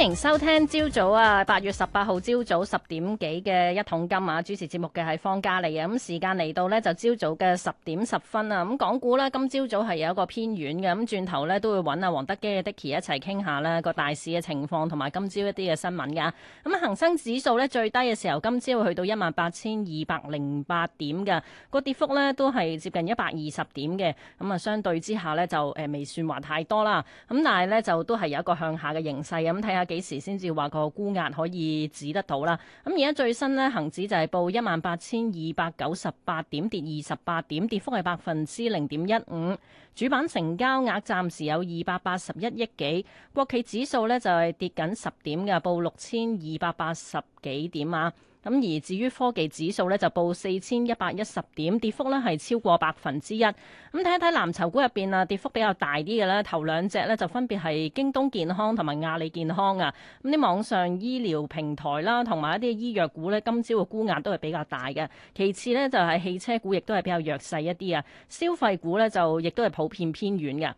歡迎收聽朝早啊，八月十八號朝早十點幾嘅一桶金啊！主持節目嘅係方家麗啊！咁時間嚟到呢，就朝早嘅十點十分啊！咁港股呢，今朝早係有一個偏軟嘅，咁轉頭呢，都會揾阿黃德幾嘅 Dicky 一齊傾下呢個大市嘅情況同埋今朝一啲嘅新聞噶。咁恒生指數呢，最低嘅時候，今朝會去到一萬八千二百零八點嘅，個跌幅呢，都係接近一百二十點嘅，咁啊相對之下呢，就誒未算話太多啦，咁但係呢，就都係有一個向下嘅形勢咁睇下。看看幾時先至話個估壓可以指得到啦？咁而家最新呢，恒指就係報一萬八千二百九十八點，跌二十八點，跌幅係百分之零點一五。主板成交額暫時有二百八十一億幾。國企指數呢就係、是、跌緊十點嘅，報六千二百八十幾點啊。咁而至於科技指數呢就報四千一百一十點，跌幅呢係超過百分之一。咁睇一睇藍籌股入邊啊，跌幅比較大啲嘅咧，頭兩隻呢，就分別係京東健康同埋阿里健康啊。咁啲網上醫療平台啦，同埋一啲醫藥股呢，今朝嘅沽壓都係比較大嘅。其次呢，就係汽車股，亦都係比較弱勢一啲啊。消費股呢，就亦都係普遍偏軟嘅。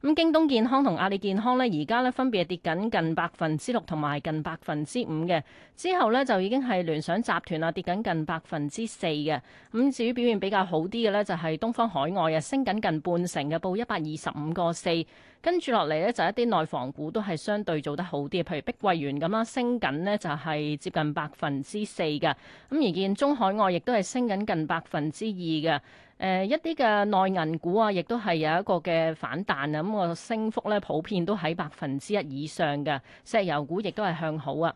咁京東健康同阿里健康呢，而家呢，分別跌緊近百分之六同埋近百分之五嘅。之後呢，就已經係聯想集團啊跌緊近百分之四嘅。咁至於表現比較好啲嘅呢，就係東方海外啊升緊近，近半成嘅，報一百二十五個四。跟住落嚟呢，就一啲內房股都係相對做得好啲，譬如碧桂園咁啦，升緊呢，就係、係、接近百分之四嘅。咁而見中海外亦都係升緊近百分之二嘅。誒、呃、一啲嘅內銀股啊，亦都係有一個嘅反彈啊，咁、嗯、個升幅咧普遍都喺百分之一以上嘅。石油股亦都係向好啊。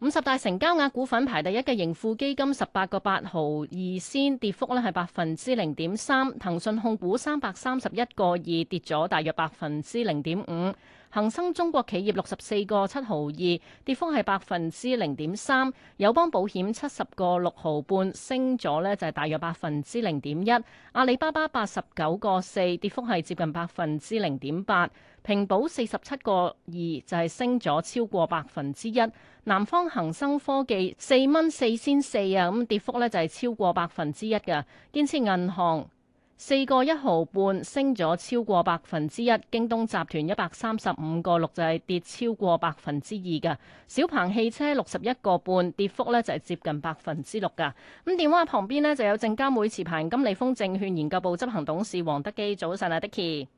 五十大成交額股份排第一嘅盈富基金十八個八毫二先，跌幅咧係百分之零點三。騰訊控股三百三十一個二，跌咗大約百分之零點五。恒生中國企業六十四個七毫二，跌幅係百分之零點三。友邦保險七十個六毫半，升咗咧就係大約百分之零點一。阿里巴巴八十九個四，跌幅係接近百分之零點八。平保四十七個二，就係升咗超過百分之一。南方恒生科技四蚊四仙四啊，咁跌幅咧就係超過百分之一嘅。建設銀行。四個一毫半升咗超過百分之一，京東集團一百三十五個六就係跌超過百分之二嘅，小鵬汽車六十一個半跌幅咧就係接近百分之六噶。咁電話旁邊呢，就有證監會持牌金利豐證券研究部執行董事黃德幾，早晨啊，Dickie。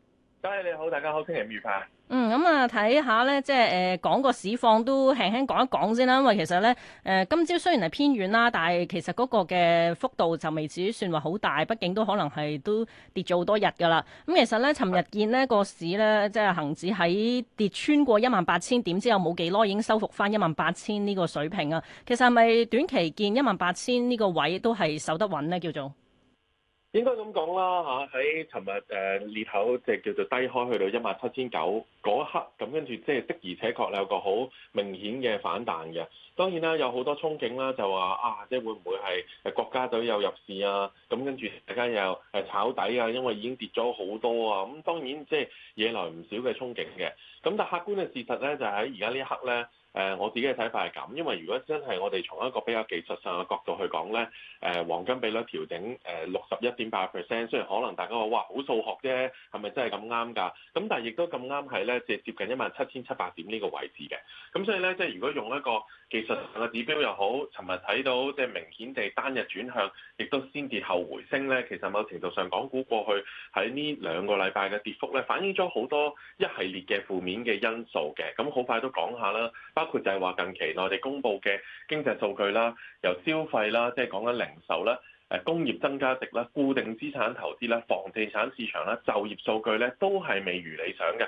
大家你好，大家好，星期五愉快。嗯，咁啊，睇下咧，即係誒，講、呃、個市況都輕輕講一講先啦。因為其實咧，誒、呃，今朝雖然係偏軟啦，但係其實嗰個嘅幅度就未至於算話好大，畢竟都可能係都跌咗好多日噶啦。咁、嗯、其實咧，尋日見呢個市咧，即係恒指喺跌穿過一萬八千點之後冇幾耐已經收復翻一萬八千呢個水平啊。其實係咪短期見一萬八千呢個位都係守得穩呢？叫做？應該咁講啦嚇，喺尋日誒裂口即係叫做低開去到一萬七千九嗰一刻，咁跟住即係的而且確有個好明顯嘅反彈嘅。當然啦，有好多憧憬啦，就話啊，即係會唔會係誒國家隊又入市啊？咁跟住大家又誒炒底啊，因為已經跌咗好多啊。咁當然即係惹來唔少嘅憧憬嘅。咁但客觀嘅事實咧，就喺而家呢一刻咧。誒我自己嘅睇法係咁，因為如果真係我哋從一個比較技術上嘅角度去講咧，誒黃金比率調整誒六十一點八 percent，雖然可能大家話哇好數學啫，係咪真係咁啱㗎？咁但係亦都咁啱係咧，即係接近一萬七千七百點呢個位置嘅。咁所以呢，即係如果用一個技術上嘅指標又好，尋日睇到即係明顯地單日轉向，亦都先跌後回升呢，其實某程度上港股過去喺呢兩個禮拜嘅跌幅呢，反映咗好多一系列嘅負面嘅因素嘅。咁好快都講下啦。包括就係話近期內地公布嘅經濟數據啦，由消費啦，即係講緊零售啦，誒工業增加值啦、固定資產投資啦、房地產市場啦、就業數據咧，都係未如理想嘅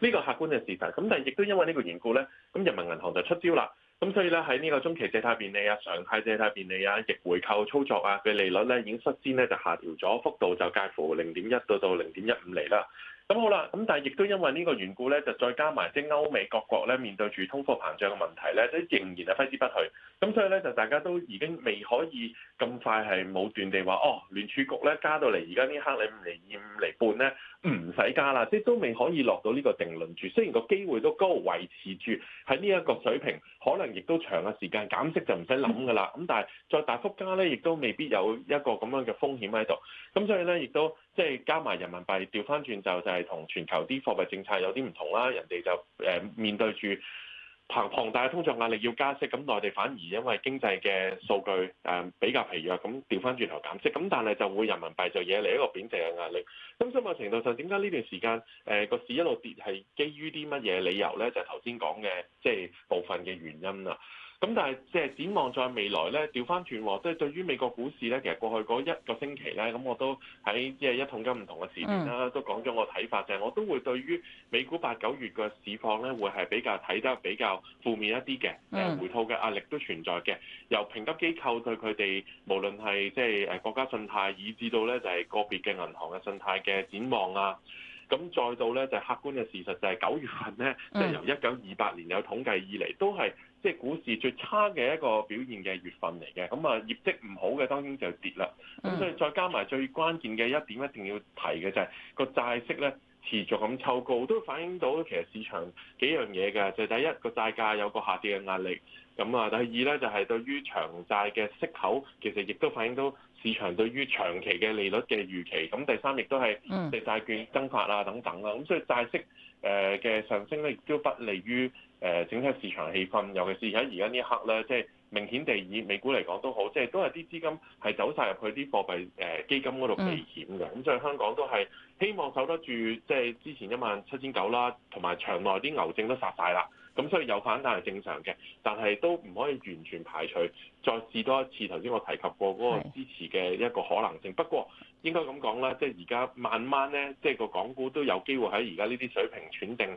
呢個客觀嘅事實。咁但係亦都因為呢個緣故咧，咁人民銀行就出招啦。咁所以咧喺呢個中期借貸便利啊、常備借貸便利啊、逆回購操作啊嘅利率咧，已經率先咧就下調咗，幅度就介乎零點一到到零點一五厘啦。咁好啦，咁但係亦都因為呢個緣故咧，就再加埋即係歐美各國咧，面對住通貨膨脹嘅問題咧，都仍然係揮之不去。咁所以咧，就大家都已經未可以咁快係冇斷地話，哦，聯儲局咧加到嚟，而家呢一刻你五釐二五釐半咧唔使加啦，即係都未可以落到呢個定論住。雖然個機會都高，維持住喺呢一個水平，可能亦都長嘅時間減息就唔使諗噶啦。咁但係再大幅加咧，亦都未必有一個咁樣嘅風險喺度。咁所以咧，亦都。即係加埋人民幣調翻轉就就係同全球啲貨幣政策有啲唔同啦，人哋就誒面對住龐龐大嘅通脹壓力要加息，咁內地反而因為經濟嘅數據誒比較疲弱，咁調翻轉頭減息，咁但係就會人民幣就惹嚟一個貶值嘅壓力。咁某程度上，點解呢段時間誒個市一路跌係基於啲乜嘢理由咧？就頭先講嘅即係部分嘅原因啦。咁、嗯、但係即係展望，在未來咧，調翻轉喎，即係對於美國股市咧，其實過去嗰一個星期咧，咁我都喺即係一桶金唔同嘅時段啦，都講咗我睇法，就係、是、我都會對於美股八九月嘅市況咧，會係比較睇得比較負面一啲嘅誒回吐嘅壓力都存在嘅。由評級機構對佢哋，無論係即係誒國家信貸，以至到咧就係個別嘅銀行嘅信貸嘅展望啊。咁再到咧就係客觀嘅事實，就係九月份咧，就係由一九二八年有統計以來，都係即係股市最差嘅一個表現嘅月份嚟嘅。咁啊業績唔好嘅當然就跌啦。咁所以再加埋最關鍵嘅一點一定要提嘅就係個債息咧。持續咁抽高，都反映到其實市場幾樣嘢㗎。就係、第一，一個債價有個下跌嘅壓力，咁啊，第二咧就係對於長債嘅息口，其實亦都反映到市場對於長期嘅利率嘅預期。咁第三亦都係地債券增發啊等等啦。咁所以債息誒嘅上升咧，亦都不利於誒整體市場氣氛，尤其係喺而家呢一刻咧，即係。明顯地以美股嚟講都好，即係都係啲資金係走晒入去啲貨幣誒基金嗰度避險嘅。咁、嗯、所以香港都係希望守得住，即係之前一萬七千九啦，同埋場內啲牛證都殺晒啦。咁所以有反彈係正常嘅，但係都唔可以完全排除。再試多一次，頭先我提及過嗰個支持嘅一個可能性。是不過應該咁講啦，即係而家慢慢咧，即係個港股都有機會喺而家呢啲水平喘定，誒、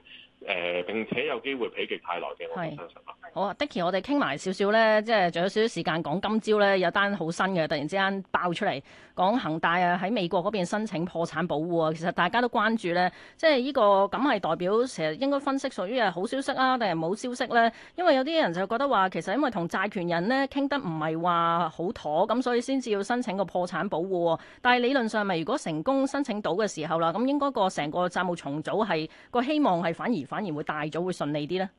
呃、並且有機會否極泰來嘅，我相信。是好啊，Dicky，我哋傾埋少少咧，即係仲有少少時間講今朝咧有單好新嘅，突然之間爆出嚟講恒大啊喺美國嗰邊申請破產保護啊。其實大家都關注咧，即係呢、呢個咁係代表其實應該分析屬於係好消息啊，定係冇消息咧？因為有啲人就覺得話其實因為同債權人咧傾。唔係話好妥咁，所以先至要申請個破產保護。但係理論上，咪如果成功申請到嘅時候啦，咁應該個成個債務重組係個希望係反而反而會大咗，會順利啲呢？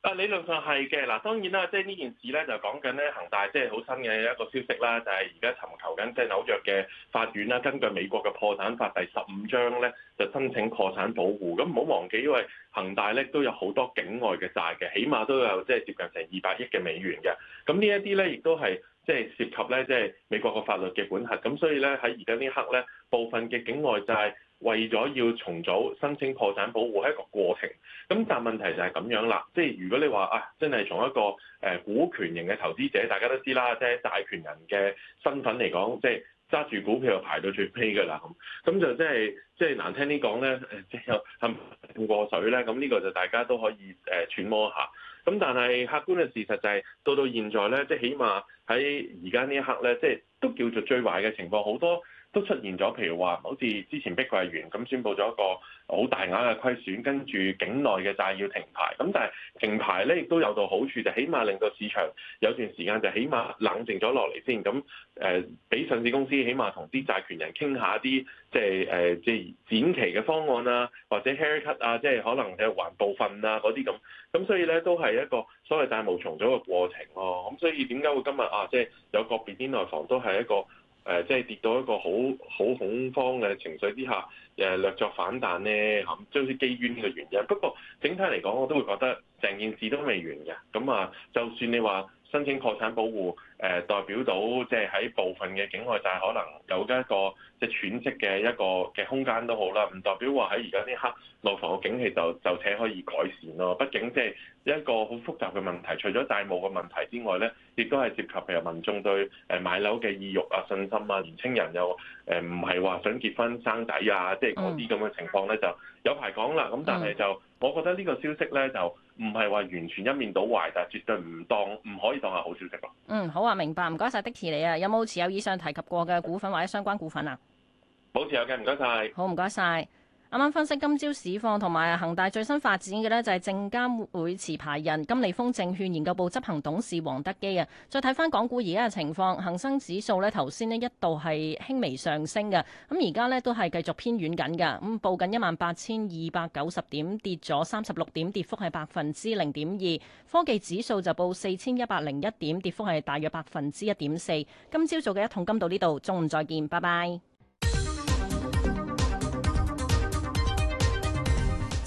啊，理論上係嘅。嗱，當然啦，即係呢件事咧就講緊咧，恒大即係好新嘅一個消息啦，就係而家尋求緊即係紐約嘅法院啦，根據美國嘅破產法第十五章咧，就申請破產保護。咁唔好忘記，因為恒大咧都有好多境外嘅債嘅，起碼都有即係接近成二百億嘅美元嘅。咁呢一啲咧，亦都係即係涉及咧，即係美國個法律嘅管轄。咁所以咧，喺而家呢刻咧，部分嘅境外債。為咗要重組、申請破產保護係一個過程，咁但問題就係咁樣啦。即係如果你話啊，真係從一個誒股權型嘅投資者，大家都知啦，即係大權人嘅身份嚟講，即係揸住股票就排到最尾㗎啦。咁咁就即係即係難聽啲講咧，誒即係有冇浸過水咧？咁呢個就大家都可以誒揣摩下。咁但係客觀嘅事實就係、是、到到現在咧，即係起碼喺而家呢一刻咧，即係都叫做最壞嘅情況，好多，都出現咗，譬如話，好似之前碧桂園咁宣佈咗一個好大額嘅虧損，跟住境內嘅債要停牌。咁但係停牌咧，亦都有到好處，就起碼令到市場有段時間就起碼冷靜咗落嚟先。咁誒，俾、呃、上市公司起碼同啲債權人傾下啲即係誒即係展期嘅方案啦、啊，或者 haircut 啊，即、就、係、是、可能嘅還部分啊嗰啲咁。咁所以咧，都係一個所謂債務重組嘅過程咯、啊。咁所以點解會今日啊，即、就、係、是、有個別啲內房都係一個。誒、呃，即係跌到一個好好恐慌嘅情緒之下，誒、呃、略作反彈呢，嚇，將啲基於呢個原因。不過整體嚟講，我都會覺得成件事都未完嘅。咁啊，就算你話申請破產保護，誒、呃、代表到即係喺部分嘅境外但債可能有一個即係、就是、喘息嘅一個嘅空間都好啦，唔代表話喺而家呢刻內房嘅景氣就就且可以改善咯。畢竟即係一個好複雜嘅問題，除咗債務嘅問題之外咧，亦都係涉及譬如民眾對誒買樓嘅意欲啊、信心啊，年青人又誒唔係話想結婚生仔啊，即係嗰啲咁嘅情況咧就有排講啦。咁但係就我覺得呢個消息咧就。唔係話完全一面倒壞，但係絕對唔當唔可以當係好消息咯。嗯，好啊，明白。唔該晒。的士你啊，有冇持有以上提及過嘅股份或者相關股份啊？保持有嘅，唔該晒。好，唔該晒。啱啱分析今朝市況同埋恒大最新發展嘅呢，就係證監會持牌人金利豐證券研究部執行董事黃德幾啊！再睇翻港股而家嘅情況，恒生指數呢頭先呢一度係輕微上升嘅，咁而家呢都係繼續偏軟緊嘅，咁報緊一萬八千二百九十點，跌咗三十六點，跌幅係百分之零點二。科技指數就報四千一百零一點，跌幅係大約百分之一點四。今朝早嘅一桶金到呢度，中午再見，拜拜。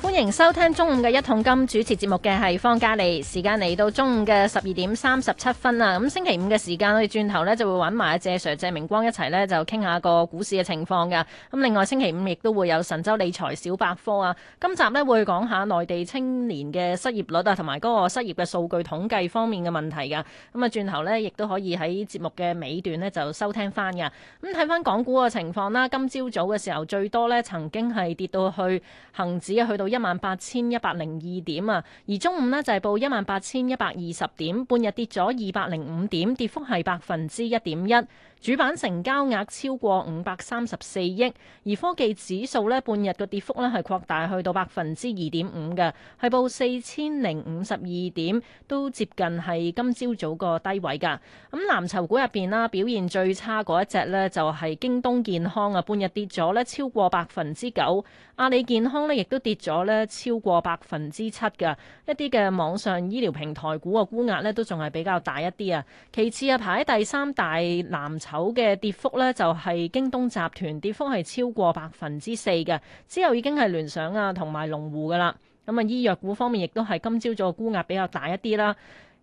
歡迎收聽中午嘅一桶金，主持節目嘅係方嘉莉，時間嚟到中午嘅十二點三十七分啦。咁星期五嘅時間，我哋轉頭咧就會揾埋阿謝 Sir 謝明光一齊呢，就傾下個股市嘅情況噶。咁另外星期五亦都會有神州理財小百科啊。今集呢，會講下內地青年嘅失業率啊，同埋嗰個失業嘅數據統計方面嘅問題噶。咁啊轉頭呢，亦都可以喺節目嘅尾段呢，就收聽翻噶。咁睇翻港股嘅情況啦，今朝早嘅時候最多呢，曾經係跌到去恒指啊，去到。一萬八千一百零二點啊，而中午呢，就係報一萬八千一百二十點，半日跌咗二百零五點，跌幅係百分之一點一。主板成交額超過五百三十四億，而科技指數咧半日個跌幅咧係擴大去到百分之二點五嘅，係報四千零五十二點，都接近係今朝早個低位噶。咁、嗯、藍籌股入邊啦，表現最差嗰一隻呢就係、是、京東健康啊，半日跌咗呢超過百分之九，阿里健康呢亦都跌咗呢超過百分之七嘅，一啲嘅網上醫療平台股嘅沽壓呢都仲係比較大一啲啊。其次啊，排喺第三大藍籌。頭嘅跌幅呢，就係京東集團跌幅係超過百分之四嘅，之後已經係聯想啊同埋龍湖噶啦。咁啊，醫藥股方面亦都係今朝早嘅沽壓比較大一啲啦，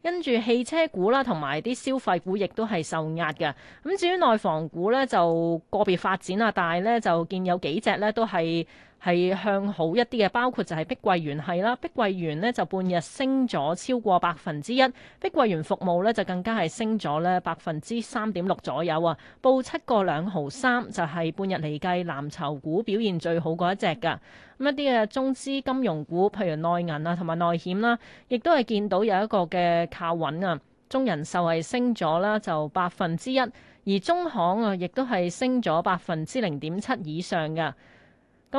跟住汽車股啦同埋啲消費股亦都係受壓嘅。咁至於內房股呢，就個別發展啊，但係呢，就見有幾隻呢都係。係向好一啲嘅，包括就係碧桂園係啦，碧桂園呢就半日升咗超過百分之一，碧桂園服務呢就更加係升咗咧百分之三點六左右啊，報七個兩毫三就係半日嚟計藍籌股表現最好嗰一隻噶，咁一啲嘅中資金融股，譬如內銀啊同埋內險啦，亦都係見到有一個嘅靠穩啊，中人壽係升咗啦就百分之一，而中行啊亦都係升咗百分之零點七以上嘅。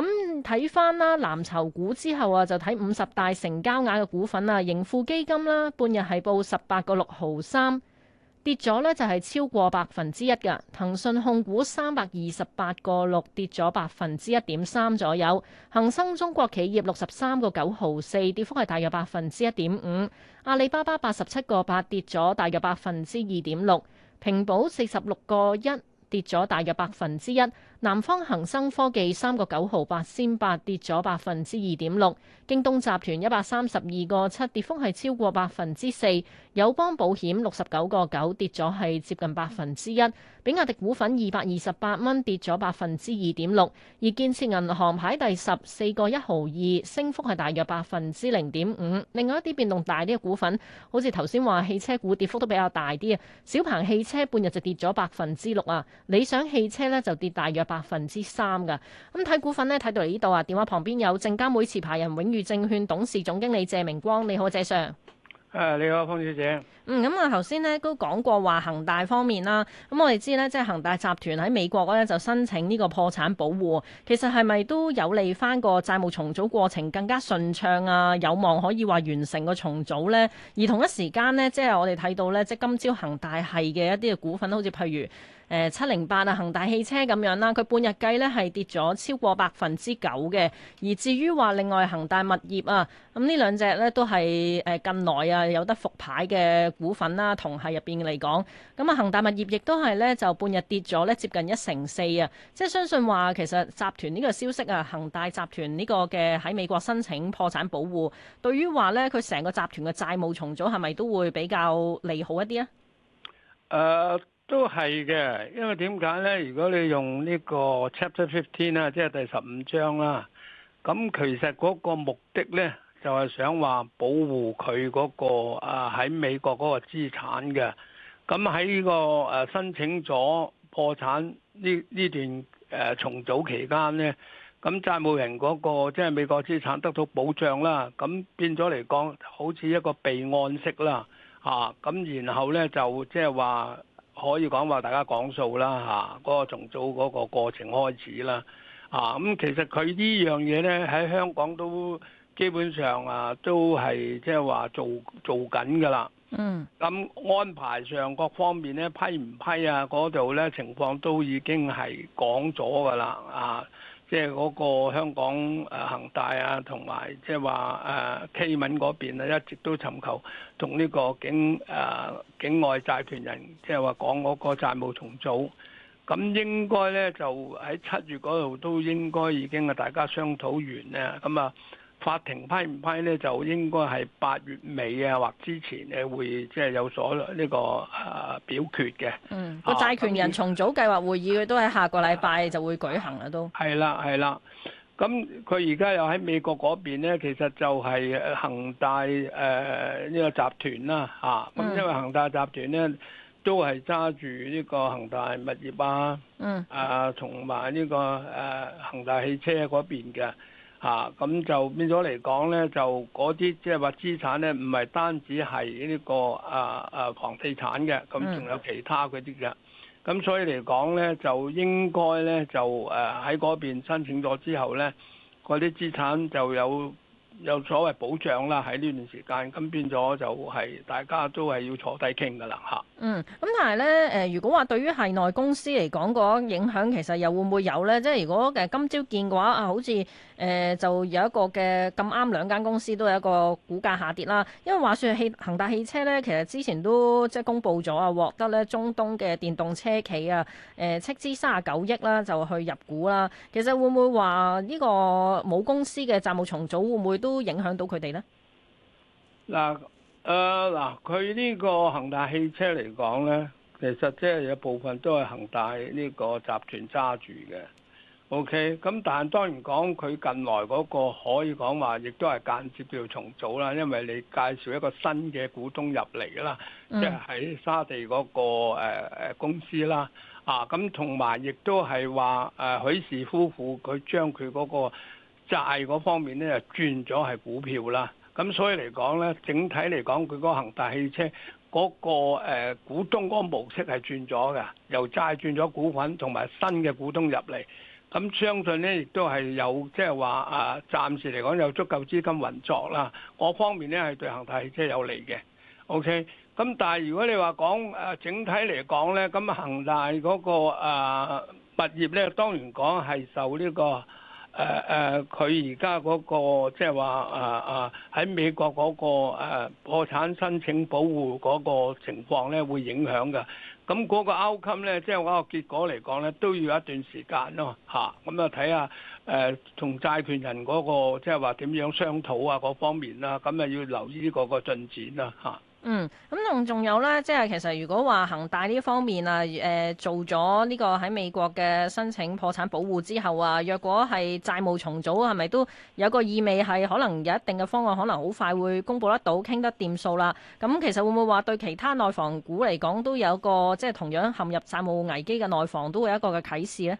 咁睇翻啦，嗯、藍籌股之後啊，就睇五十大成交額嘅股份啊，盈富基金啦，半日係報十八個六毫三，跌咗呢就係超過百分之一嘅。騰訊控股三百二十八個六，跌咗百分之一點三左右。恒生中國企業六十三個九毫四，跌幅係大約百分之一點五。阿里巴巴八十七個八，跌咗大約百分之二點六。平保四十六個一，跌咗大約百分之一。南方恒生科技三個九毫八仙八跌咗百分之二點六，京東集團一百三十二個七跌幅係超過百分之四，友邦保險六十九個九跌咗係接近百分之一，比亞迪股份二百二十八蚊跌咗百分之二點六，而建設銀行排第十四個一毫二升幅係大約百分之零點五。另外一啲變動大啲嘅股份，好似頭先話汽車股跌幅都比較大啲啊，小鵬汽車半日就跌咗百分之六啊，理想汽車咧就跌大約。百分之三噶，咁睇、嗯、股份呢，睇到嚟呢度啊，電話旁邊有證監會持牌人永裕證券董事總經理謝明光，你、啊、好，謝、Sir、s 誒，你好，方小姐。嗯，咁啊，頭先呢都講過話恒大方面啦，咁、嗯、我哋知呢，即係恒大集團喺美國咧就申請呢個破產保護，其實係咪都有利返個債務重組過程更加順暢啊？有望可以話完成個重組呢？而同一時間呢，即係我哋睇到呢，即係今朝恒大係嘅一啲嘅股份，好似譬如。誒七零八啊，恒、呃、大汽車咁樣啦，佢半日計呢係跌咗超過百分之九嘅。而至於話另外恒大物業啊，咁、嗯、呢兩隻呢都係誒、呃、近內啊有得復牌嘅股份啦、啊，同係入邊嚟講，咁啊恒大物業亦都係呢，就半日跌咗呢接近一成四啊。即係相信話其實集團呢個消息啊，恒大集團呢個嘅喺美國申請破產保護，對於話呢，佢成個集團嘅債務重組係咪都會比較利好一啲啊？誒、uh。都係嘅，因為點解咧？如果你用呢個 Chapter Fifteen 啦，即係第十五章啦，咁其實嗰個目的咧就係想話保護佢嗰個啊喺美國嗰個資產嘅。咁喺呢個誒申請咗破產呢，呢段誒重組期間咧，咁債務人嗰個即係美國資產得到保障啦。咁變咗嚟講，好似一個備案式啦，吓咁，然後咧就即係話。可以講話大家講數啦嚇，嗰、啊、個重組嗰個過程開始啦啊，咁其實佢呢樣嘢呢，喺香港都基本上啊都係即係話做做緊㗎啦。嗯，咁安排上各方面呢，批唔批啊嗰度呢，情況都已經係講咗㗎啦啊。即係嗰個香港誒恒大啊，同埋即係話誒 K 文嗰邊啊，一直都尋求同呢個境誒、啊、境外債權人即係話講嗰個債務重組，咁應該咧就喺七月嗰度都應該已經啊大家商討完咧，咁啊。法庭批唔批咧，就應該係八月尾啊，或之前咧會即係有所呢個誒表決嘅。嗯，個債權人重組計劃會議佢、啊、都喺下個禮拜就會舉行啦，都係啦係啦。咁佢而家又喺美國嗰邊咧，其實就係恒大誒呢、呃呢個集團啦，吓。嗯。因為恒大集團咧，都係揸住呢個恒大物業啊。嗯。啊，同埋呢個誒恒大汽車嗰邊嘅。啊，咁就變咗嚟講咧，就嗰啲即係話資產咧，唔係單止係呢個啊啊房地產嘅，咁仲有其他嗰啲㗎。咁的所以嚟講咧，就應該咧就誒喺嗰邊申請咗之後咧，嗰啲資產就有有所謂保障啦。喺呢段時間，咁變咗就係大家都係要坐低傾㗎啦，嚇。嗯，咁但係咧，誒、呃，如果話對於系內公司嚟講個影響，其實又會唔會有呢？即係如果今朝見嘅話啊，好似誒、呃、就有一個嘅咁啱兩間公司都有一個股價下跌啦。因為話說汽恒大汽車呢，其實之前都即係公布咗啊，獲得呢中東嘅電動車企啊，誒斥資三十九億啦，就去入股啦。其實會唔會話呢個母公司嘅債務重組會唔會都影響到佢哋呢？嗱、嗯。誒嗱，佢呢、uh, 個恒大汽車嚟講咧，其實即係有部分都係恒大呢個集團揸住嘅。O K，咁但係當然講佢近來嗰個可以講話，亦都係間接叫重組啦，因為你介紹一個新嘅股東入嚟㗎啦，即係喺沙地嗰個誒公司啦。啊，咁同埋亦都係話誒許氏夫婦佢將佢嗰個債嗰方面咧轉咗係股票啦。咁所以嚟講咧，整體嚟講，佢個恒大汽車嗰個誒股東嗰個模式係轉咗嘅，由債轉咗股份，同埋新嘅股東入嚟。咁相信咧，亦都係有即係話啊，暫時嚟講有足夠資金運作啦。嗰方面咧係對恒大汽車有利嘅。OK。咁但係如果你話講誒整體嚟講咧，咁恒大嗰個誒物業咧，當然講係受呢個。誒誒，佢而家嗰個即係話啊啊，喺、就是 uh, uh, 美國嗰、嗰個、uh, 破產申請保護嗰個情況咧，會影響嘅。咁嗰個 outcome 咧，即係嗰個結果嚟講咧，都要一段時間咯嚇。咁啊睇下誒，從、uh, 債權人嗰、嗰個即係話點樣商討啊嗰方面啦、啊，咁啊要留意嗰個進展啦、啊、嚇。啊嗯，咁仲有呢，即係其實如果話恒大呢方面啊，誒、呃、做咗呢個喺美國嘅申請破產保護之後啊，若果係債務重組，係咪都有個意味係可能有一定嘅方案，可能好快會公布得到，傾得掂數啦？咁其實會唔會話對其他內房股嚟講都有個即係同樣陷入債務危機嘅內房都會有一個嘅啟示呢？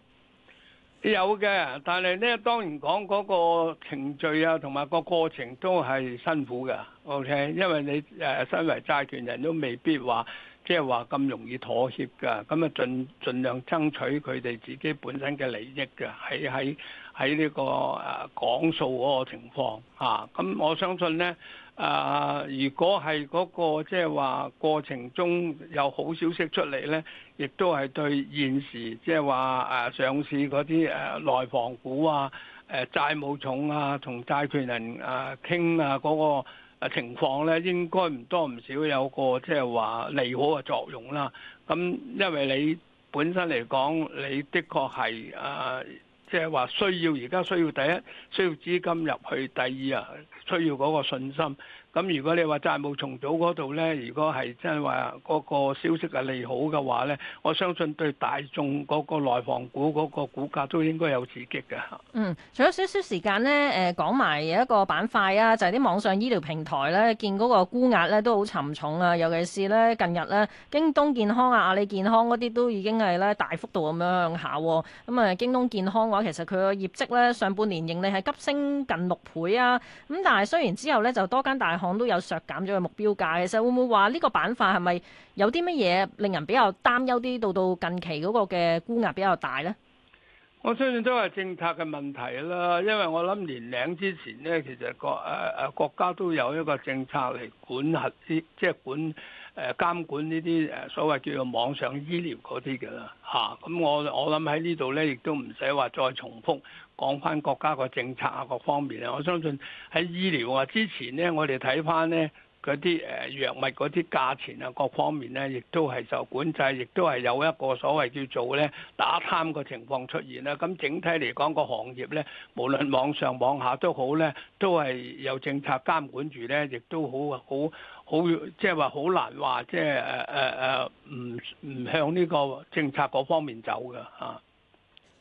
有嘅，但係咧，當然講嗰個程序啊，同埋個過程都係辛苦噶。OK，因為你誒身為債權人都未必話即係話咁容易妥協噶，咁啊盡盡量爭取佢哋自己本身嘅利益噶，喺喺喺呢個誒講數嗰個情況吓。咁、啊、我相信咧。啊！如果係嗰個即係話過程中有好消息出嚟呢，亦都係對現時即係話啊上市嗰啲誒內房股啊、誒債務重啊、同債權人啊傾啊嗰個情況呢，應該唔多唔少有個即係話利好嘅作用啦。咁因為你本身嚟講，你的確係啊，即係話需要而家需要第一需要資金入去，第二啊。需要嗰個信心。咁如果你話債務重組嗰度呢，如果係真係話嗰個消息係利好嘅話呢，我相信對大眾嗰個內房股嗰個股價都應該有刺激嘅㗎。嗯，仲有少少時間呢，誒、呃、講埋有一個板塊啊，就係、是、啲網上醫療平台呢，見嗰個沽壓呢都好沉重啊。尤其是呢近日呢，京東健康啊、阿里健康嗰啲都已經係呢大幅度咁樣下、啊。咁、嗯、啊，京東健康嘅話，其實佢嘅業績呢，上半年盈利係急升近六倍啊。咁但係雖然之後呢，就多間大行都有削減咗嘅目標價，其實會唔會話呢個板塊係咪有啲乜嘢令人比較擔憂啲，到到近期嗰個嘅沽壓比較大呢？我相信都係政策嘅問題啦，因為我諗年零之前呢，其實國誒誒國家都有一個政策嚟管核啲，即係管誒、呃、監管呢啲誒所謂叫做網上醫療嗰啲㗎啦嚇。咁、啊、我我諗喺呢度呢，亦都唔使話再重複。講翻國家個政策啊，各方面啊，我相信喺醫療啊之前咧，我哋睇翻咧嗰啲誒藥物嗰啲價錢啊，各方面咧，亦都係受管制，亦都係有一個所謂叫做咧打貪嘅情況出現啦。咁整體嚟講個行業咧，無論網上網下都好咧，都係有政策監管住咧，亦都好好好，即係話好難話即係誒誒誒唔唔向呢個政策嗰方面走嘅嚇。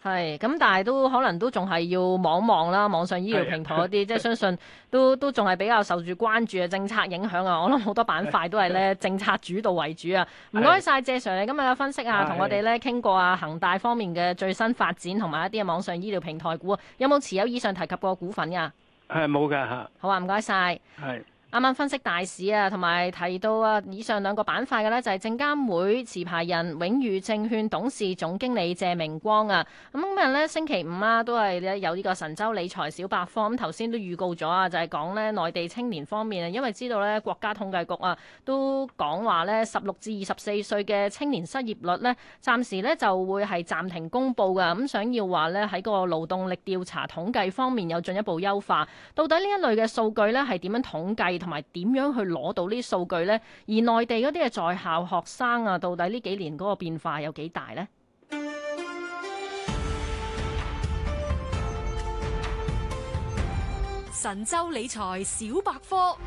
係咁，但係都可能都仲係要望望啦。網上醫療平台嗰啲，是的 即係相信都都仲係比較受住關注嘅政策影響啊！我諗好多板塊都係咧是的 政策主導為主啊！唔該晒，謝，謝，是的 謝 Sir 你今日嘅分析啊，同是的 我哋咧傾過啊，恒大方面嘅最新發展同埋一啲嘅網上醫療平台股啊，有冇持有以上提及過個股份啊？係冇嘅吓。好啊，唔該晒。係。啱啱分析大市啊，同埋提到啊，以上兩個板塊嘅咧，就係證監會持牌人永譽證券董事總經理謝明光啊。咁今日咧星期五啊都係有呢個神州理財小百科咁頭先都預告咗啊，就係講咧內地青年方面啊，因為知道咧國家統計局啊都講話咧十六至二十四歲嘅青年失業率咧，暫時咧就會係暫停公布噶，咁想要話咧喺個勞動力調查統計方面有進一步優化，到底呢一類嘅數據咧係點樣統計？同埋點樣去攞到呢啲數據呢？而內地嗰啲嘅在校學生啊，到底呢幾年嗰個變化有幾大呢？神州理財小百科。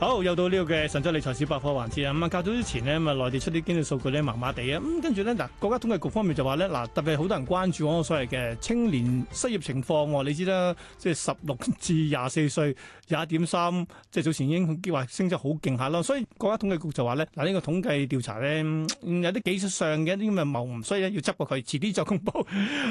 好，又到呢個嘅神州理財小百科環節啊，咁啊，較早之前咧，咁啊，內地出啲經濟數據咧，麻麻地啊，咁跟住咧，嗱，國家統計局方面就話咧，嗱，特別好多人關注我所謂嘅青年失業情況，你知啦，即係十六至廿四歲。廿一點三，即係早前已經話升咗好勁下啦，所以國家統計局就話咧，嗱、這、呢個統計調查咧、嗯、有啲技術上嘅啲咁嘅謬誤，所以咧要執過佢，遲啲再公布。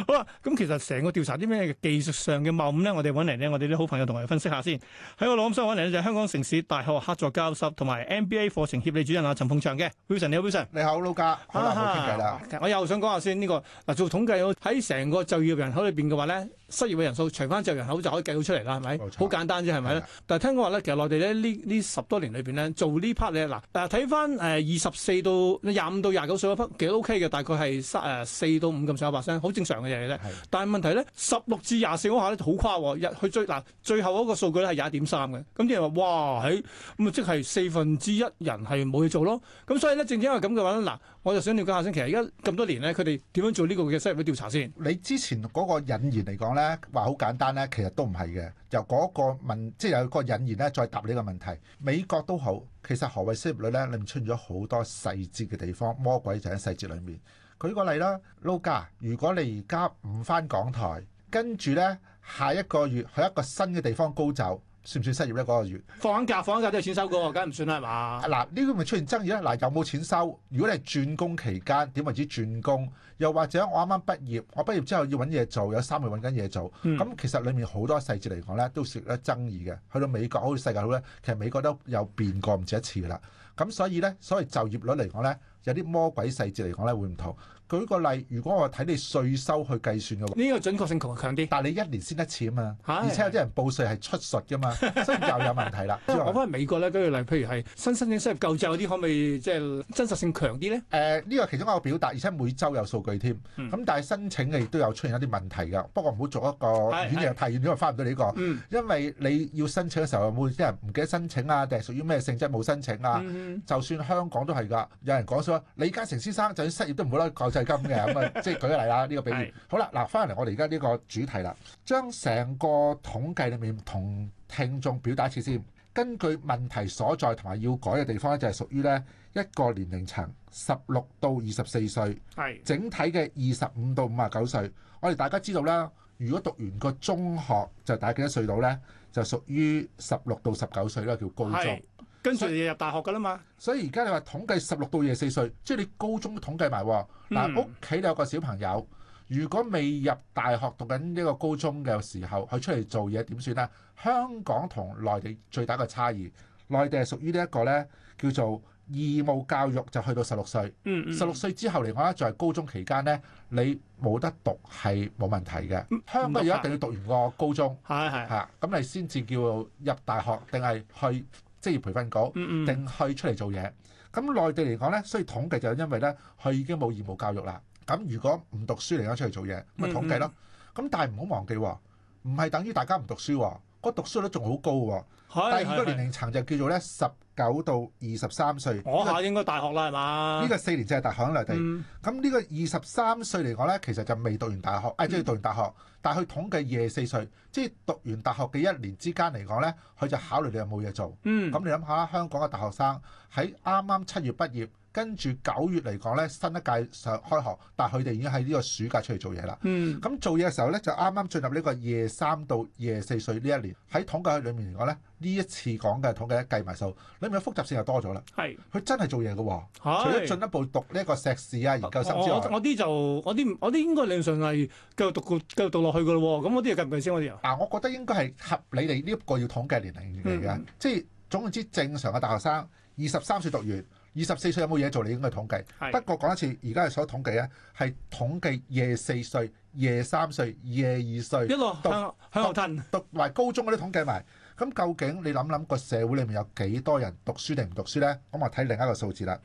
好啊，咁其實成個調查啲咩技術上嘅謬誤咧，我哋揾嚟咧，我哋啲好朋友同我哋分析下先。喺、哎、我腦殼箱揾嚟咧，就是、香港城市大學客座教授同埋 n b a 課程協理主任阿陳鳳祥嘅。表神你好，表神，你好，老駕，好啦，好傾計啦。我又想講下先、這、呢個嗱，做統計喺成個就業人口裏邊嘅話咧。失業嘅人數除翻隻人口就可以計到出嚟啦，係咪？好錯簡單啫，係咪咧？的但係聽講話咧，其實內地咧呢呢十多年裏邊咧做呢 part 咧嗱，睇翻誒二十四到廿五到廿九歲嗰 part 幾 OK 嘅，大概係三誒四到五咁上下 percent 好正常嘅嘢嚟嘅。的但係問題咧，十六至廿四嗰下咧好誇喎，日去追嗱，最後嗰個數據咧係廿一點三嘅，咁啲人話哇喺咁啊，即、哎、係四分之一人係冇嘢做咯。咁所以咧，正正因為咁嘅原因我就想了解下先，其實而家咁多年咧，佢哋點樣做呢個嘅失業嘅調查先？你之前嗰個引言嚟講咧，話好簡單咧，其實都唔係嘅。由嗰個問，即係有個引言咧，再答呢個問題。美國都好，其實何謂失業率咧？裏面出咗好多細節嘅地方，魔鬼就喺細節裏面。舉個例啦，Luka，如果你而家唔翻港台，跟住咧下一個月去一個新嘅地方高走。算唔算失業咧？嗰、那個月放假，放假都有錢收個梗係唔算啦，係嘛？嗱，呢個咪出現爭議咧。嗱，有冇錢收？如果你係轉工期間，點為止轉工？又或者我啱啱畢業，我畢業之後要揾嘢做，有三個月揾緊嘢做。咁、嗯、其實裡面好多細節嚟講咧，都涉得爭議嘅。去到美國好似世界好咧，其實美國都有變過唔止一次㗎啦。咁所以咧，所謂就業率嚟講咧，有啲魔鬼細節嚟講咧，會唔同。舉個例，如果我睇你稅收去計算嘅話，呢個準確性強強啲，但係你一年先一次啊嘛，的而且有啲人報稅係出錯㗎嘛， 所以又有問題啦。 要我翻去美國咧，舉、嗰個例，譬如係新申請收入救助嗰啲，可唔可以即係真實性強啲咧？誒、呃，呢、呢個其中一個表達，而且每週有數據添。咁、嗯、但係申請嘅亦都有出現一啲問題㗎。不過唔好做一個遠嘅題，因為翻唔到呢個，嗯、因為你要申請嘅時候有冇啲人唔記得申請啊？定係屬於咩性質冇申請啊？嗯、就算香港都係㗎，有人講咗李嘉誠先生，就算失業都唔會攞。基金嘅咁啊，即係舉個例啦，呢個比喻好啦，嗱翻返嚟我哋而家呢個主題啦，將成個統計裡面同聽眾表達一次先。根據問題所在同埋要改嘅地方咧，就係屬於咧一個年齡層十六到二十四歲，係整體嘅二十五到五十九歲。我哋大家知道啦，如果讀完個中學就大幾多歲到咧，就屬於十六到十九歲啦，叫高中。跟住就入大學噶啦嘛，所以而家你話統計十六到廿四歲，即係你高中統計埋嗱，屋企有個小朋友，如果未入大學讀緊呢個高中嘅時候，佢出嚟做嘢點算咧？香港同內地最大嘅差異，內地係屬於呢一個呢，叫做義務教育，就去到十六歲，十六歲之後嚟講就係高中期間呢，你冇得讀係冇問題嘅。香港一定要讀完個高中，係係咁，你先至叫入大學定係去。職業培訓局定去出嚟做嘢，咁內地嚟講咧，所以統計就係因為咧，佢已經冇義務教育啦。咁如果唔讀書嚟講出嚟做嘢，咪統計咯。咁、嗯嗯、但係唔好忘記喎，唔係等於大家唔讀書喎，個讀書率仲好高喎。第二個年齡層就叫做咧十九到二十三歲，下應該大學啦係嘛？呢個四年即係大學內地，咁、嗯、呢個二十三歲嚟講咧，其實就未讀完大學，誒即係讀完大學，但係佢統計廿四歲，即、就、係、是、讀完大學嘅一年之間嚟講咧，佢就考慮你有冇嘢做，咁、嗯、你諗下香港嘅大學生喺啱啱七月畢業。跟住九月嚟講咧，新一屆上開學，但係佢哋已經喺呢個暑假出嚟做嘢啦。嗯，咁做嘢嘅時候咧，就啱啱進入呢個夜三到夜四歲呢一年。喺統計裏面嚟講咧，呢一次講嘅統計計埋數，裡面嘅複雜性又多咗啦。係是，佢真係做嘢嘅喎，是除咗進一步讀呢個碩士啊，研究生之外。我我啲就我啲我啲應該理論上係繼續讀個繼續讀落去嘅咯喎。咁嗰啲計唔計先嗰啲啊？但我覺得應該係合理哋呢一個要統計年齡嚟嘅，即係總之，正常嘅大學生二十三歲讀完。二十四歲有冇嘢做？你應該統計。不過講一次，而家係所統計咧，係統計廿四歲、廿三歲、廿二歲一路喺度讀埋高中嗰啲統計埋。咁究竟你諗諗個社會裡面有幾多人讀書定唔讀書咧？咁我睇另一個數字啦。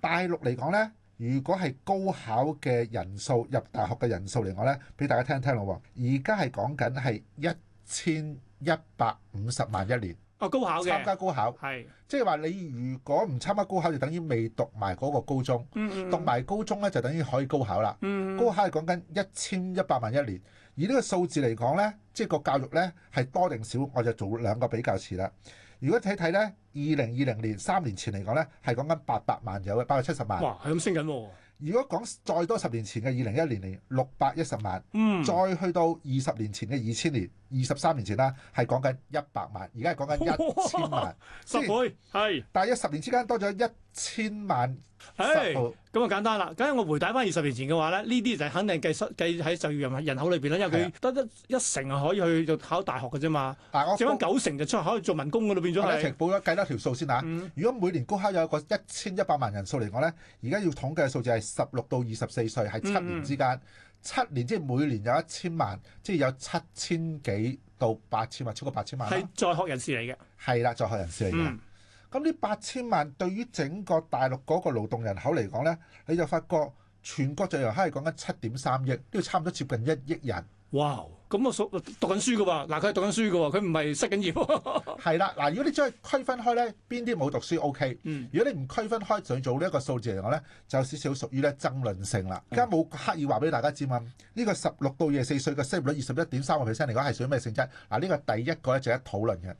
大陸嚟講咧，如果係高考嘅人數入大學嘅人數嚟講咧，俾大家聽一聽咯。而家係講緊係一千一百五十萬一年。哦，參加高考，是即係話你如果唔參加高考，就等於未讀埋嗰個高中。嗯嗯讀埋高中咧，就等於可以高考啦。嗯嗯高考係講緊一千一百萬一年，而呢個數字嚟講呢，即係個教育呢，係多定少，我就做兩個比較詞啦。如果睇睇呢，二零二零年三年前嚟講呢，係講緊八百萬有嘅，八百七十萬。萬哇，咁升緊、啊、如果講再多十年前嘅二零一零年六百一十萬，嗯、再去到二十年前嘅二千年。二十三年前啦，係講緊一百萬，而家係講緊一千萬，十倍係。但係一十年之間多咗一千萬，咁啊簡單啦。咁我回睇翻二十年前嘅話咧，呢啲就係肯定計出計喺就業人人口裏邊啦，因為佢得一一成係可以去做考大學嘅啫嘛。但係我講九成就出考去做民工嘅咯，變咗。係補咗計多條數先啊！如果每年高考有一個一千一百萬人數嚟講咧，而家要統計嘅數字係十六到二十四歲係七年之間。七年即係每年有一千萬，即係有七千幾到八千萬，超過八千萬。係在學人士嚟嘅。係啦，在學人士嚟嘅。咁呢八千萬對於整個大陸嗰個勞動人口嚟講呢，你就發覺全國在油可係講緊七點三億，都要差唔多接近一億人。哇！咁、wow, 我讀讀緊書嘅喎，嗱佢係讀緊書嘅喎，佢唔係失緊業。係啦，嗱，如果你將佢區分開咧，邊啲冇讀書 O K。如果你唔區分開，想、okay 嗯、做呢一個數字嚟講咧，就有少少屬於咧爭論性啦。而家冇刻意話俾大家知嘛，呢、呢個十六到廿四歲嘅失業率二十一點三個 percent 嚟講係屬於咩性質？嗱，呢個第一個咧就係討論嘅。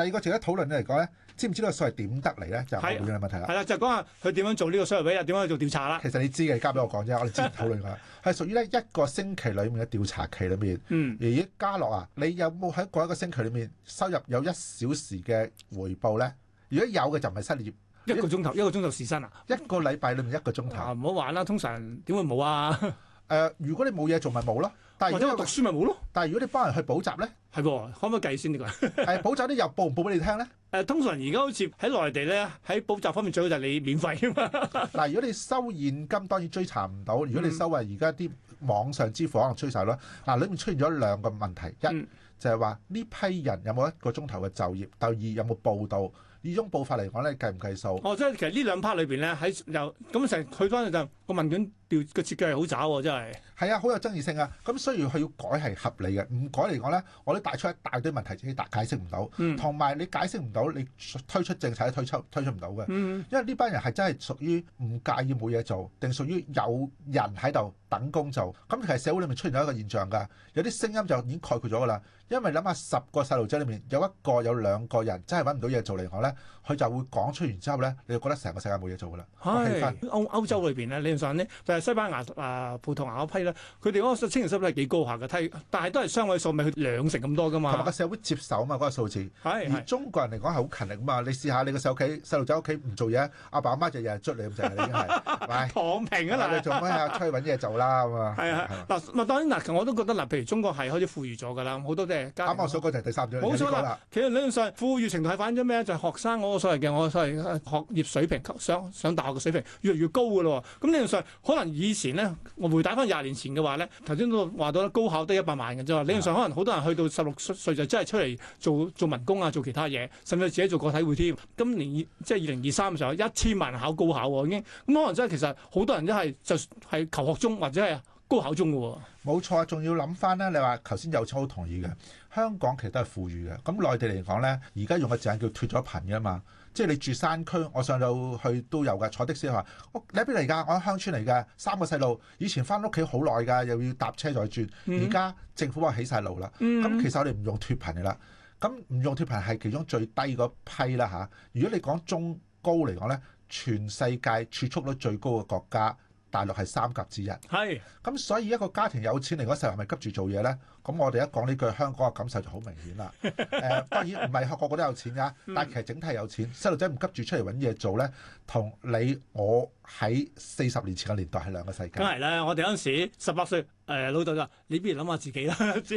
第二個，除咗討論咧嚟講咧，知唔知道個數係點得嚟咧？就係冇嘅問題啦。係啦、啊啊，就係、講下佢點樣做呢個數據啊？點樣去做調查啦？其實你知嘅，交俾我講啫。我哋之前討論佢啦。係 屬於咧一個星期裡面嘅調查期裡面。嗯。而家家樂啊，你有冇喺嗰一個星期裡面收入有一小時嘅回報咧？如果有嘅就唔係失業。一個鐘頭，一個鐘頭時薪啊？一個禮拜裏面一個鐘頭。唔好、啊、玩啦！通常點會冇啊？ 誒，如果你冇嘢做咪冇咯，但係而家讀書咪冇咯。但係如果你幫人去補習咧，係噃，可唔可以計先呢、呢個？誒，補習啲又報唔報俾你聽咧？誒，通常而家好似喺內地咧，喺補習方面最好就係你免費啊嘛。嗱， 如果你收現金，當然追查唔到；如果你收係而家啲網上支付，可能追曬啦。嗱、嗯，裏面出現咗兩個問題，一、嗯、就係話呢批人有冇一個鐘頭嘅就業，第二有冇報道？以種報法嚟講咧，計唔計數？哦，即係其實兩裡呢兩 part 裏邊咧，喺由咁成佢嗰陣個問卷。條個設計係好渣喎，真係。係啊，好有爭議性啊！咁所以佢要改係合理嘅，唔改嚟講咧，我都帶出一大堆問題，自己答解釋唔到。同埋、嗯、你解釋唔到，你推出政策都推出推出唔到嘅。因為呢班人係真係屬於唔介意冇嘢做，定屬於有人喺度等工做？咁其實社會裡面出現咗一個現象㗎，有啲聲音就已經概括咗㗎啦。因為諗下十個細路仔裡面有一個有兩個人真係揾唔到嘢做嚟講咧，我呢佢就會講出完之後咧，你就覺得成個世界冇嘢做噶啦。係歐歐洲裏邊咧，理論上咧，就係西班牙啊葡萄牙批啦，佢哋嗰個青年失業率係幾高下嘅，但係都係雙位數，咪佢兩成咁多噶嘛。同埋個社會接受嘛嗰個數字。而中國人嚟講係好勤力噶嘛，你試下你個細路企細路仔屋企唔做嘢，阿爸阿媽就日日追你咁滯啦，已經係。躺平啊啦。做咩啊？催揾啲嘢做啦嘛。啊。嗱，當然嗱，我都覺得嗱，譬如中國係開始富裕咗噶啦，好多啲。啱啱我數過就係第三張。冇錯啦，其實理論上富裕程度係反映咗咩就係學生嗰。所謂嘅我所謂學業水平上上大學嘅水平越嚟越高嘅咯喎，咁理論上可能以前咧，我回打翻廿年前嘅話咧，頭先都話到高考得一百萬嘅啫喎。理論上可能好多人去到十六歲就真係出嚟做做民工啊，做其他嘢，甚至自己做個體戶添。今年即係二零二三嘅時候，一千萬考高考喎，已經咁可能真係其實好多人真係就係、是就是、求學中或者係高考中嘅喎。冇錯，仲要諗翻咧，你話頭先有粗同意嘅。香港其實都係富裕嘅，咁內地嚟講咧，而家用嘅字眼叫脫咗貧嘅嘛，即係你住山區，我上到去都有嘅，坐的士話：哦，你喺邊嚟㗎？我喺鄉村嚟㗎，三個細路，以前翻屋企好耐㗎，又要搭車再轉，而家政府話起晒路啦，咁其實我哋唔用脫貧㗎啦，咁唔用脫貧係其中最低嗰批啦嚇、啊。如果你講中高嚟講咧，全世界儲蓄率最高嘅國家，大陸係三甲之一，係是，咁所以一個家庭有錢嚟講，細路係咪急住做嘢咧？咁我哋一講呢句，香港嘅感受就好明顯啦。誒、 呃，當然唔係學個個都有錢㗎、啊，嗯、但係其實整體有錢，細路仔唔急住出嚟揾嘢做咧，同你我喺四十年前嘅年代係兩個世界。梗係啦，我哋嗰陣時十八歲，誒、呃、老豆就：你不如諗下自己啦，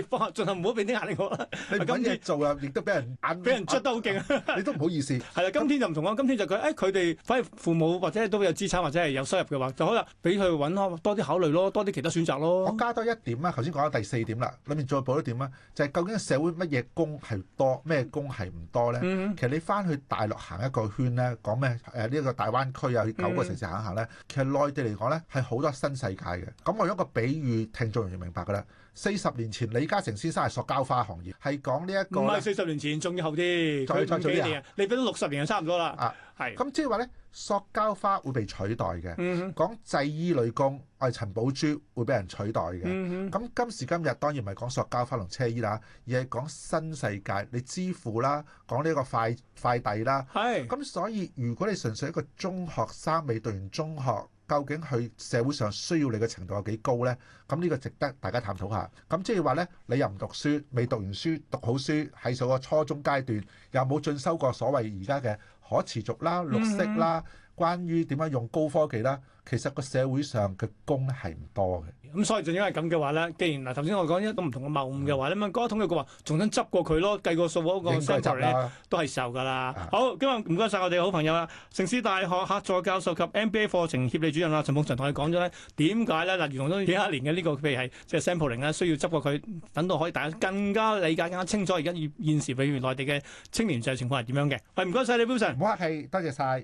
方盡量唔好俾啲壓力我啦。你揾不嘢次做啊，亦都俾人眼俾人捽得好勁、啊，你都唔好意思。係啦， 今天就唔同講、啊，今天就佢誒，佢、哎、哋反而父母或者都有資產或者係有收入嘅話，就可能俾佢揾多啲考慮咯，多啲其他選擇咯。我加多一點啦，頭先講咗第四點啦。再補都點啊？就係、是、究竟社會乜嘢工係多，咩工係唔多咧？嗯、其實你翻去大陸行一個圈咧，講咩？誒呢一個大灣區有九個城市行一行咧，嗯、其實內地嚟講咧係好多新世界嘅。咁、嗯、我有一個比喻，聽眾容易明白㗎啦。四十年前，李嘉誠先生係塑膠花行業，係講呢一個。唔係四十年前，仲要後啲，再幾年再早啲啊！你俾到六十年就差唔多啦。啊，係的。咁即係話咧。是塑膠花會被取代嘅，嗯、哼講製衣女工，我係陳寶珠會俾人取代嘅。咁、嗯、哼今時今日當然唔係講塑膠花同車衣啦，而係講新世界，你支付啦，講呢一個快快遞啦。咁是所以如果你純粹一個中學生未讀完中學，究竟去社會上需要你嘅程度有幾高呢？咁呢個值得大家探討下。咁即係話呢，你又唔讀書，未讀完書，讀好書喺上個初中階段又冇進修過所謂而家嘅。可持續啦，綠色啦，嗯、關於點樣用高科技啦，其實個社會上嘅工係唔多嘅。咁、嗯、所以就因為咁嘅話咧，既然嗱頭先我講一啲唔同嘅謬誤嘅話咧，咁啊、嗯，統計局話重新執過佢咯，計過數、那個數嗰個 sample 咧都係受㗎啦。啊、好，今日唔該晒我哋好朋友啦，城市大學客座教授及 MBA 課程協理主任啦，陳鳳翔同你講咗咧點解咧嗱，呢例如同都幾一年嘅呢、這個譬如係 sample 零咧，即係、pling，需要執過佢，等到可以大家更加理解更加清楚而家現時譬如內地嘅青年就係情況係點樣嘅。係唔該晒你，Wilson 陳鳳翔，唔好客氣，多謝晒。